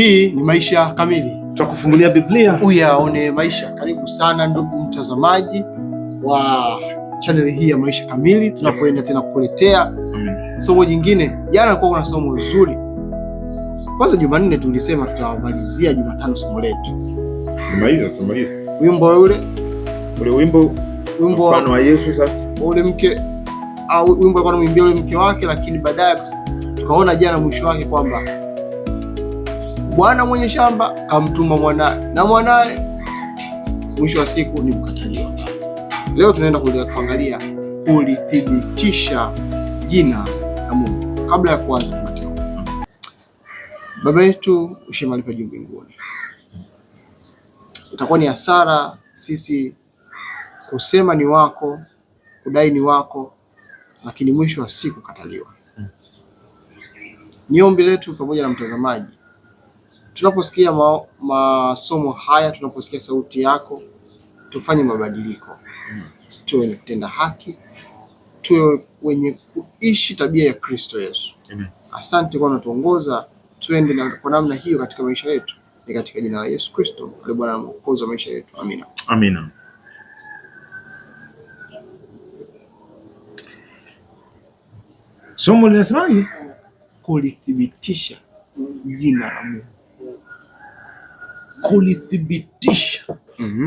Hii ni Maisha Kamili, tutakufungulia Biblia uyaone maisha. Karibu sana ndugu mtazamaji wa chaneli hii ya Maisha Kamili, tunapoenda tena kukuletea somo jingine. Jana alikuwa kuna somo zuri. Kwanza Jumanne tulisema tutawamalizia Jumatano somo letu, tumaliza tumaliza wimbo ule ule wimbo wimbo wa Yesu. Sasa ule mke au wimbo alikuwa anamwimbia ule mke wake, lakini baadaye tukaona jana mwisho wake kwamba bwana mwenye shamba amtuma mwanaye na mwanaye mwisho wa siku ni kukataliwa. Leo tunaenda kuangalia kulithibitisha jina la Mungu. Kabla ya kuanza, tunataka Baba yetu ushema lipo juu mbinguni. Itakuwa ni hasara sisi kusema ni wako, kudai ni wako, lakini mwisho wa siku kataliwa. Ni ombi letu pamoja na mtazamaji Tunaposikia masomo haya, tunaposikia sauti yako, tufanye mabadiliko hmm. Tuwe wenye kutenda haki, tuwe wenye kuishi tabia ya Kristo Yesu Amen. Asante kwa unatuongoza tuende na kwa namna hiyo katika maisha yetu, ni katika jina la Yesu Kristo aliye Bwana mwokozi wa maisha yetu amina, amina. Somo linasemaje? Kulithibitisha jina la Mungu kulithibitisha mm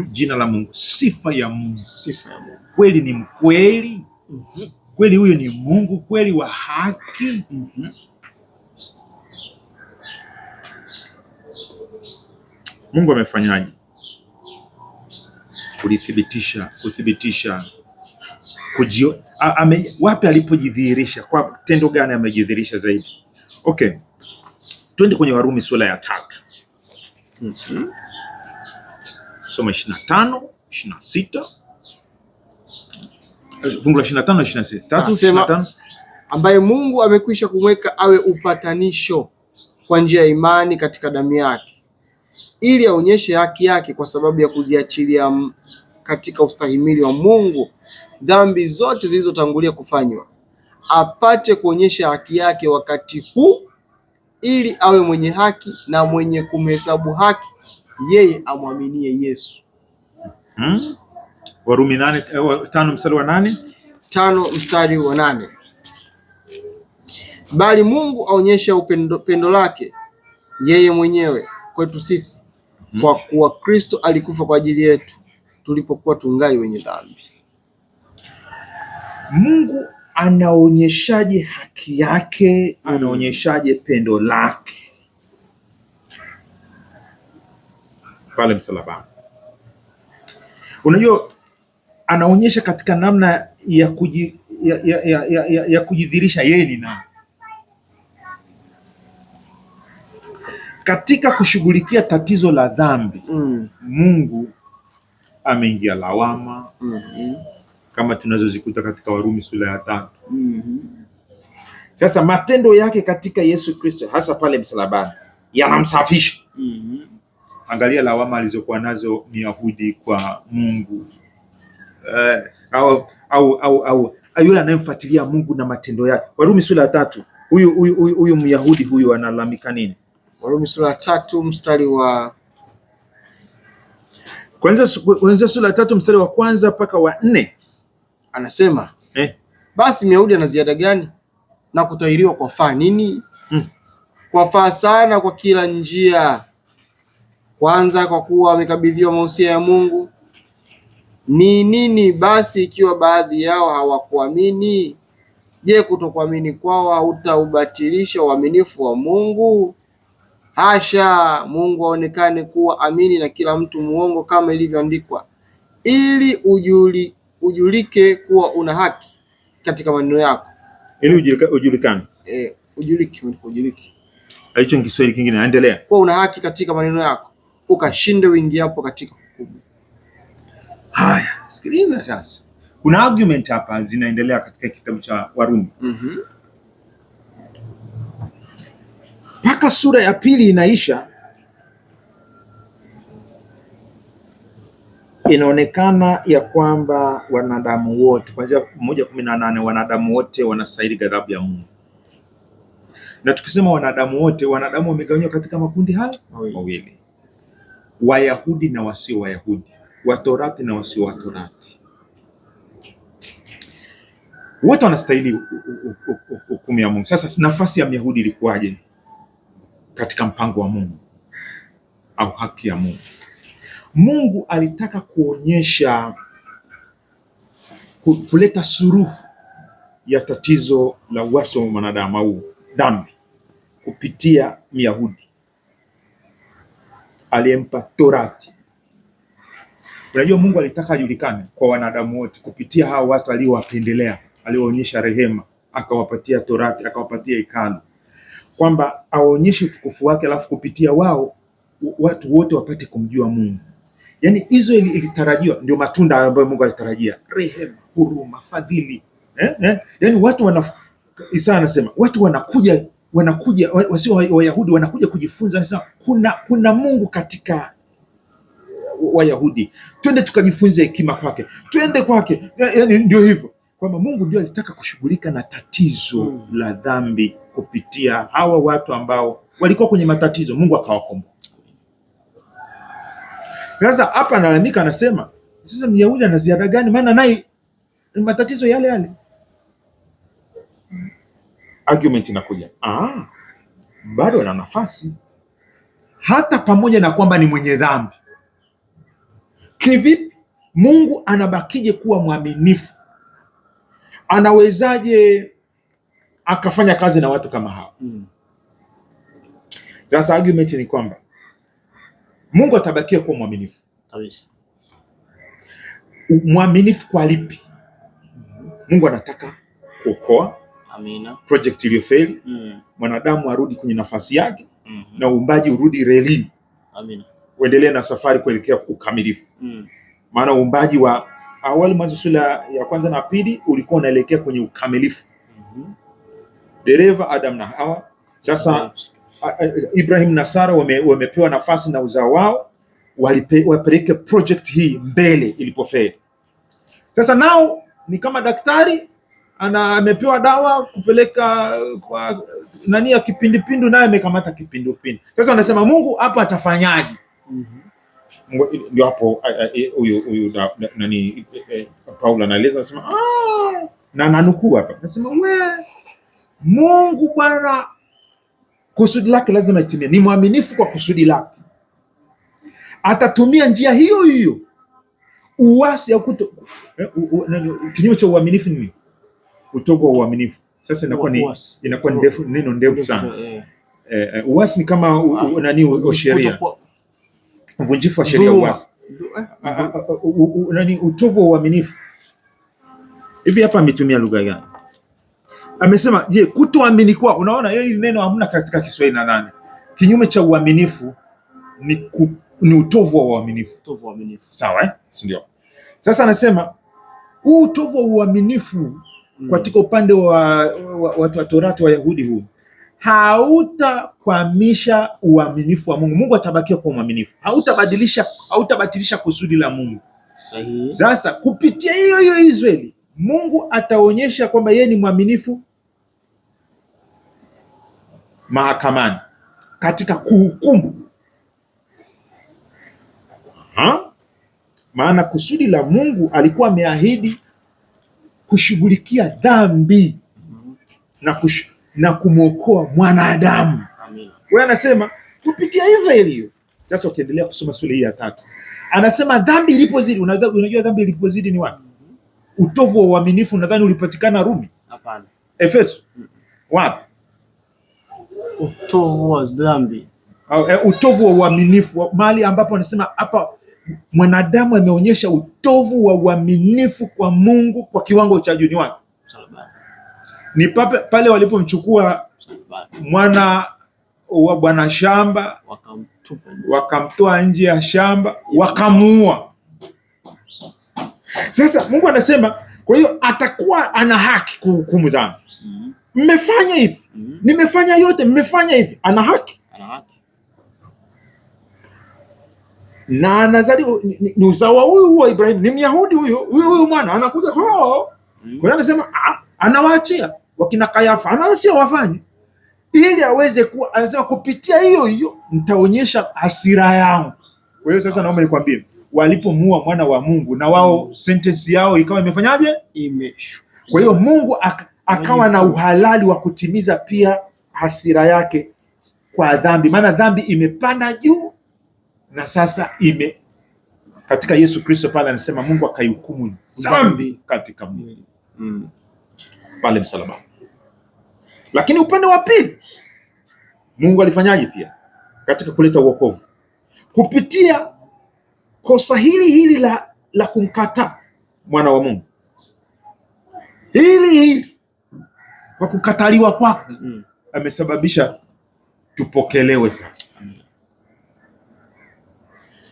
-hmm. jina la Mungu, sifa ya Mungu, sifa ya Mungu. Kweli ni mkweli mm -hmm. kweli huyo ni Mungu kweli wa haki mm -hmm. Mungu amefanyaje kulithibitisha, kuthibitisha kujio, a, ame, wapi alipojidhihirisha, kwa tendo gani amejidhihirisha zaidi? Okay, twende kwenye Warumi sura ya tatu. Soma ishirini na tano ishirini na sita fungu la ishirini na tano ishirini na sita tatu ah, ishirini na tano ambaye Mungu amekwisha kumweka awe upatanisho kwa njia ya imani katika damu yake ili aonyeshe haki yake kwa sababu ya kuziachilia katika ustahimili wa Mungu dhambi zote zilizotangulia kufanywa, apate kuonyesha haki yake wakati huu ili awe mwenye haki na mwenye kumhesabu haki yeye amwaminie Yesu. Hmm? Warumi nane, eh, tano mstari wa nane. Tano mstari wa nane. Bali Mungu aonyesha upendo pendo lake yeye mwenyewe kwetu sisi hmm, kwa kuwa Kristo alikufa kwa ajili yetu tulipokuwa tungali wenye dhambi. Mungu anaonyeshaje haki yake, anaonyeshaje pendo lake pale msalabani. Unajua, anaonyesha katika namna ya kuji, ya, ya, ya, ya, ya, ya kujidhirisha yeye ni nani katika kushughulikia tatizo la dhambi. Mm. Mungu ameingia lawama. Mm -hmm kama tunazozikuta katika Warumi sura ya tano. mm -hmm. Sasa matendo yake katika Yesu Kristo hasa pale msalabani yanamsafisha. mm -hmm. Angalia lawama alizokuwa nazo Myahudi kwa Mungu eh, au, au, au, au yule anayemfuatilia Mungu na matendo yake. Warumi sura ya tatu, huyu huyu huyu Myahudi huyu analalamika nini? Warumi sura ya tatu mstari wa kwanza, kwanza sura ya tatu mstari wa kwanza mpaka wa nne anasema eh, basi Myahudi ana ziada gani na kutahiriwa kwa faa nini? Hmm. Kwa faa sana kwa kila njia, kwanza kwa kuwa wamekabidhiwa mausia ya Mungu. Ni nini basi ikiwa baadhi yao hawakuamini? Je, kutokuamini kwao hautaubatilisha uaminifu wa Mungu? Hasha! Mungu aonekane kuwa amini na kila mtu muongo, kama ilivyoandikwa, ili ujuli ujulike kuwa una haki katika maneno yako, ili ujulika, ujulikane eh, ujuliki ujuliki, hicho ni Kiswahili kingine. Naendelea kuwa una haki katika maneno yako, ukashinde wingi hapo katika hukumu. Haya, sikiliza sasa, kuna argument hapa zinaendelea katika kitabu cha Warumi mhm. mpaka mm -hmm. sura ya pili inaisha Inaonekana ya kwamba wanadamu wote kuanzia moja kumi na nane wanadamu wote wanastahili ghadhabu ya Mungu, na tukisema wanadamu wote, wanadamu wamegawanywa katika makundi hayo mawili, Wayahudi na wasio Wayahudi, Watorati na wasio Watorati. Wote wanastahili hukumu ya Mungu. Sasa nafasi ya Myahudi ilikuwaje katika mpango wa Mungu au haki ya Mungu? Mungu alitaka kuonyesha kuleta suruhu ya tatizo la uasi wa mwanadamu au dhambi kupitia Myahudi aliyempa Torati. Unajua, Mungu alitaka ajulikane kwa wanadamu wote kupitia hao watu aliowapendelea, aliwaonyesha rehema, akawapatia Torati, akawapatia hekalu, kwamba aonyeshe utukufu wake, alafu kupitia wao watu wote wapate kumjua Mungu yani hizo ilitarajiwa, ndio matunda ambayo Mungu alitarajia: rehema, huruma, fadhili eh, eh. Yani watu wana Isa anasema watu wanakuja wanakuja wasio Wayahudi wanakuja kujifunza, anasema kuna kuna Mungu katika Wayahudi, twende tukajifunze hekima kwake, twende kwake. Yani ndio hivyo kwamba Mungu ndio alitaka kushughulika na tatizo hmm, la dhambi kupitia hawa watu ambao walikuwa kwenye matatizo, Mungu akawakomboa. Sasa hapa analalamika, anasema sasa Myahudi ana ziada gani? Maana naye matatizo yale yale. Argument inakuja, ah, bado ana nafasi hata pamoja na kwamba ni mwenye dhambi. Kivipi Mungu anabakije kuwa mwaminifu? Anawezaje akafanya kazi na watu kama hao? Mm. Sasa argument ni kwamba Mungu atabakia kuwa mwaminifu kabisa. Mwaminifu kwa lipi? Mungu anataka kuokoa. Amina. Project iliyofeli mm. Mwanadamu arudi kwenye nafasi yake mm -hmm. na uumbaji urudi relini. Amina. Uendelee na safari kuelekea ukamilifu mm. maana uumbaji wa awali Mwanzo sura ya kwanza na pili ulikuwa unaelekea kwenye ukamilifu mm -hmm. dereva Adam na Hawa sasa mm -hmm. Ibrahim Nasara wame, wamepewa nafasi na uzao wao wapeleke project hii mbele ilipofeli. Sasa nao ni kama daktari ana amepewa dawa kupeleka kwa nani ya kipindupindu, naye amekamata kipindupindu. Sasa anasema Mungu hapa atafanyaje? mm -hmm. Ndio hapo e, huyu huyu nani e, e, Paulo anaeleza anasema, ah! na nanukuu hapa, anasema we Mungu Bwana kusudi lake lazima itimie. Ni mwaminifu kwa kusudi lake, atatumia njia hiyo hiyo uwasi au kuto eh, kinyume cha uaminifu. Nini? Utovu wa uaminifu. Sasa inakuwa ni inakuwa ndefu, neno ndefu sana. Eh. Eh, eh, uasi ni kama ah. nani? wa sheria, mvunjifu wa sheria, uasi ah, ah, nani? utovu wa uaminifu. Hivi hapa ametumia lugha gani? amesema je, kutoamini kwa, Unaona hiyo neno hamna katika Kiswahili na nani, kinyume cha uaminifu ni, ku, ni utovu wa uaminifu. Utovu wa uaminifu, sawa eh? Ndio sasa anasema huu utovu wa uaminifu mm. katika upande wa watu wa Torati wa Yahudi huu hautakwamisha uaminifu wa Mungu. Mungu atabakia kwa mwaminifu, hautabadilisha hautabatilisha kusudi la Mungu. Sahihi. Sasa kupitia hiyo hiyo Israeli Mungu ataonyesha kwamba yeye ni mwaminifu mahakamani katika kuhukumu. Aha. Maana kusudi la Mungu alikuwa ameahidi kushughulikia dhambi na, kush, na kumwokoa mwanadamu. Wewe anasema kupitia Israeli hiyo. Sasa ukiendelea kusoma sura hii ya tatu anasema dhambi ilipozidi. Unajua dhambi ilipozidi ni wapi? Mm-hmm. Utovu wa uaminifu nadhani ulipatikana Rumi? Hapana. Efeso? Wapi? utovu wa dhambi au, eh, utovu wa uaminifu, mahali ambapo anasema hapa mwanadamu ameonyesha utovu wa uaminifu kwa Mungu kwa kiwango cha juu wake. Ni pape, pale walipomchukua mwana wa bwana shamba wakamtoa nje ya shamba wakamuua. Sasa Mungu anasema, kwa hiyo atakuwa ana haki kuhukumu dhambi. Mm-hmm. Mmefanya hivi Mm-hmm. nimefanya yote, mmefanya hivi. Ana haki, na anazaliwa ni, ni uzawa huyu huwa Ibrahim, ni Myahudi huyu huyu mwana anakuja ho oh. mm. Mm-hmm. kwa hiyo anasema ah, anawaachia wakina Kayafa, anawaachia wafanye ili aweze kuwa, anasema kupitia hiyo hiyo nitaonyesha hasira yangu. Kwa hiyo sasa, naomba nikwambie, walipomuua mwana wa Mungu na wao mm-hmm. sentensi yao ikawa imefanyaje? imeshwa Kwa hiyo Mungu akawa na uhalali wa kutimiza pia hasira yake kwa dhambi, maana dhambi imepanda juu na sasa ime katika Yesu Kristo pale anasema Mungu akaihukumu dhambi katika mwili mm. pale msalabani. Lakini upande wa pili Mungu alifanyaje pia katika kuleta uokovu kupitia kosa hili hili la, la kumkataa mwana wa Mungu hili hili kwa kukataliwa kwako mm. amesababisha tupokelewe sasa mm.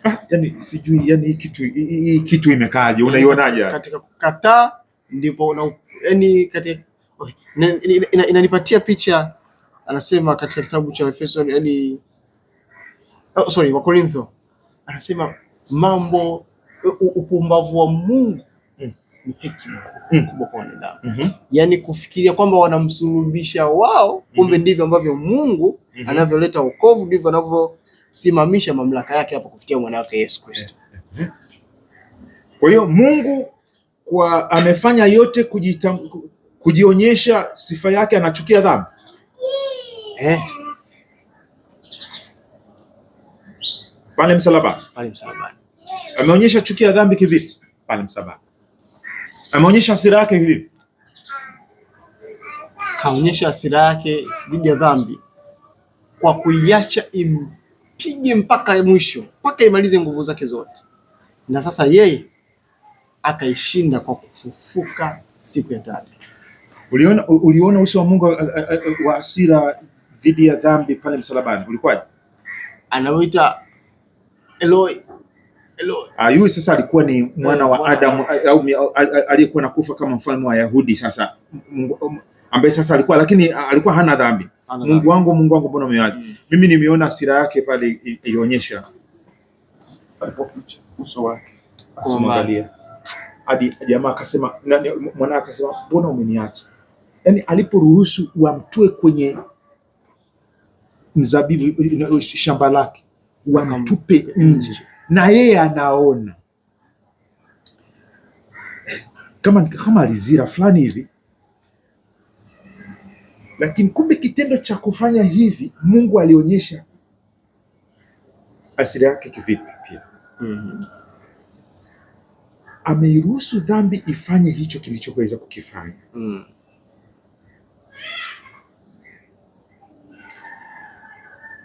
ah, yani sijui yani hii kitu hii kitu imekaaje? Unaionaje? katika kukataa ndipo una yani katika okay. inanipatia picha anasema katika kitabu cha Efeso yani oh, sorry wa Korintho anasema mambo upumbavu wa Mungu ni hekima kubwa mm-hmm. kwa wanadamu mm -hmm. Yaani kufikiria kwamba wanamsulubisha wao, mm-hmm. kumbe ndivyo ambavyo Mungu mm -hmm. anavyoleta wokovu, ndivyo anavyosimamisha mamlaka yake hapa kupitia mwana wake Yesu Kristo. Eh, eh, eh. Kwa hiyo Mungu kwa amefanya yote kujita, kujionyesha sifa yake, anachukia dhambi eh. Pale msalaba pale msalaba ameonyesha chukia dhambi kivipi? Pale msalaba Ameonyesha hasira yake hivi, kaonyesha hasira yake dhidi ya dhambi kwa kuiacha impige mpaka mwisho, mpaka imalize nguvu zake zote, na sasa yeye akaishinda kwa kufufuka siku ya tatu. Uliona, uliona uso wa Mungu wa hasira dhidi ya dhambi pale msalabani ulikuwaje? Anaoita Eloi Ah, yule sasa alikuwa ni mwana wa Adamu au aliyekuwa nakufa kama mfalme wa Yahudi, sasa ambaye sasa alikuwa lakini alikuwa hana dhambi. Mungu wangu, Mungu wangu, mbona umewacha? Hmm. Mimi nimeona sira yake pale ilionyesha uso wake, asimwangalia hadi jamaa akasema, mwana akasema, mbona umeniacha? Yaani aliporuhusu wamtue kwenye mzabibu shamba lake, wamtupe nje na yeye anaona kama kama alizira fulani hivi, lakini kumbe kitendo cha kufanya hivi Mungu alionyesha asili yake kivipi pia. mm -hmm. Ameiruhusu dhambi ifanye hicho kilichoweza kukifanya. mm.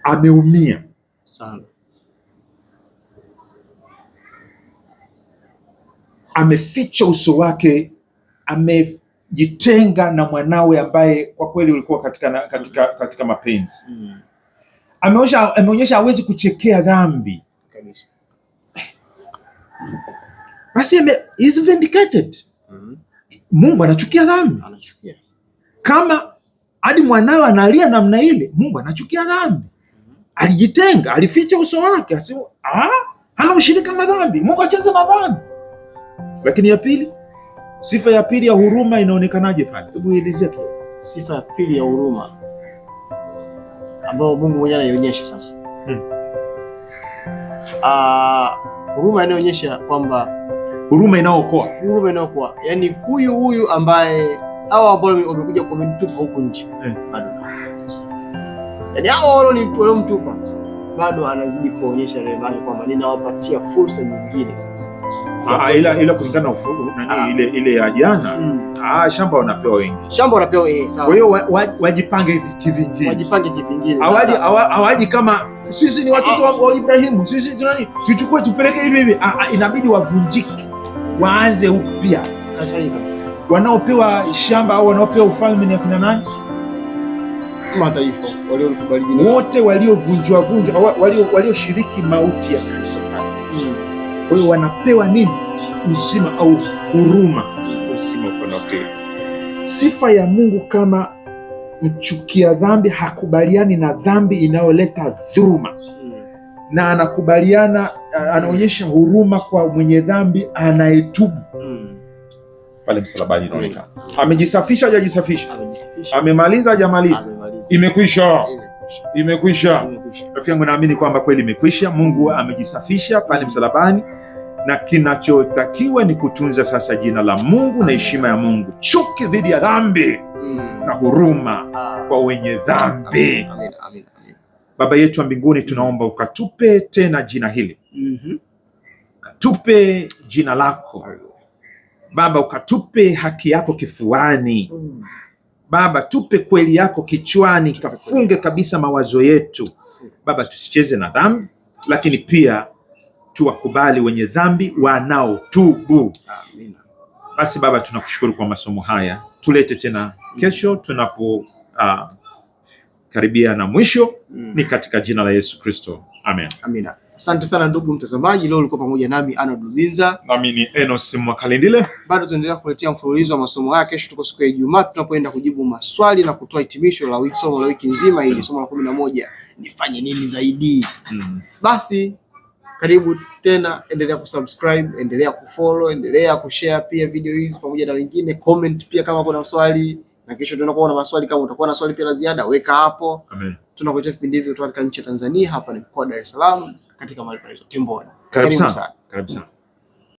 Ameumia sana ameficha uso wake, amejitenga na mwanawe ambaye kwa kweli ulikuwa katika, katika, katika mapenzi mm. Ameonyesha, ameonyesha hawezi kuchekea dhambi basi ame, is vindicated mm Mungu anachukia dhambi, anachukia kama hadi mwanawe analia namna ile. Mungu anachukia dhambi mm Alijitenga, alificha uso wake, ah, hana ushirika na dhambi. Mungu acheze na dhambi. Lakini ya pili, sifa ya pili ya huruma inaonekanaje pale? Hebu elezea tu sifa ya pili ya huruma ambayo Mungu mwenyewe anaionyesha sasa. Hmm. Ah, huruma hmm, inaonyesha kwamba huruma inaokoa, huruma inaokoa, yaani huyu huyu ambaye hao ambao wamekuja kumenitupa huku nje hmm. bado, yaani hao mtupa bado anazidi kuonyesha rehema yake kwamba ninawapatia fursa nyingine sasa Ah, ila ila kulingana na ah. ile ile ya jana mm. Ah, shamba wanapewa wengi, shamba wanapewa eh, sawa. Kwa hiyo wajipange kivingine, wajipange kivingine, hawaji hawaji kama sisi ni watoto ah, wa Ibrahimu, sisi tunani tuchukue tupeleke hivi hivi. Ah, ah inabidi wavunjike, waanze upya. Wanaopewa shamba au wanaopewa ufalme ni akina nani? Mataifa wote waliovunjwa vunjwa, walioshiriki mauti ya Kristo. Kwa hiyo wanapewa nini? Uzima au huruma. Uzima unapewa. Sifa ya Mungu kama mchukia dhambi hakubaliani na dhambi inayoleta dhuruma hmm. na anakubaliana, anaonyesha huruma kwa mwenye dhambi anayetubu hmm. Pale msalabani inaonekana hmm. amejisafisha, hajajisafisha, amemaliza, hajamaliza, imekwisha, imekwisha hmm imekwisha. Rafiki yangu, naamini kwamba kweli imekwisha. Mungu amejisafisha pale msalabani, na kinachotakiwa ni kutunza sasa jina la Mungu na heshima ya Mungu, chuki dhidi ya dhambi mm. na huruma ah. kwa wenye dhambi. Amin, amin, amin. Baba yetu wa mbinguni, tunaomba ukatupe tena jina hili mm -hmm. jina lako Baba, ukatupe haki yako kifuani mm. Baba, tupe kweli yako kichwani, kafunge kabisa mawazo yetu Baba, tusicheze na dhambi, lakini pia tuwakubali wenye dhambi wanaotubu. Amina. Basi Baba, tunakushukuru kwa masomo haya, tulete tena kesho tunapo uh, karibia na mwisho mm. Ni katika jina la Yesu Kristo, amen. Amina. Asante sana ndugu mtazamaji, leo ulikuwa pamoja nami Arnold Rubinza, nami ni Enos Mwakalindile. Bado tunaendelea kuletea mfululizo wa masomo haya. Kesho tuko siku ya Ijumaa, tunapoenda kujibu maswali na kutoa hitimisho la somo la wiki nzima, ili somo la kumi na moja nifanye nini zaidi? mm. Basi karibu tena, endelea kusubscribe, endelea kufollow, endelea kushare pia video hizi pamoja na wengine. Comment pia kama kuna swali, na kesho tunakuwa na maswali. Kama utakuwa na swali pia la ziada, weka hapo. Tunakuletea vipindi hivi kutoka nchi ya Tanzania. Hapa ni mkoa wa Dar es Salaam, katika mahali Karibu sana, Karibu sana.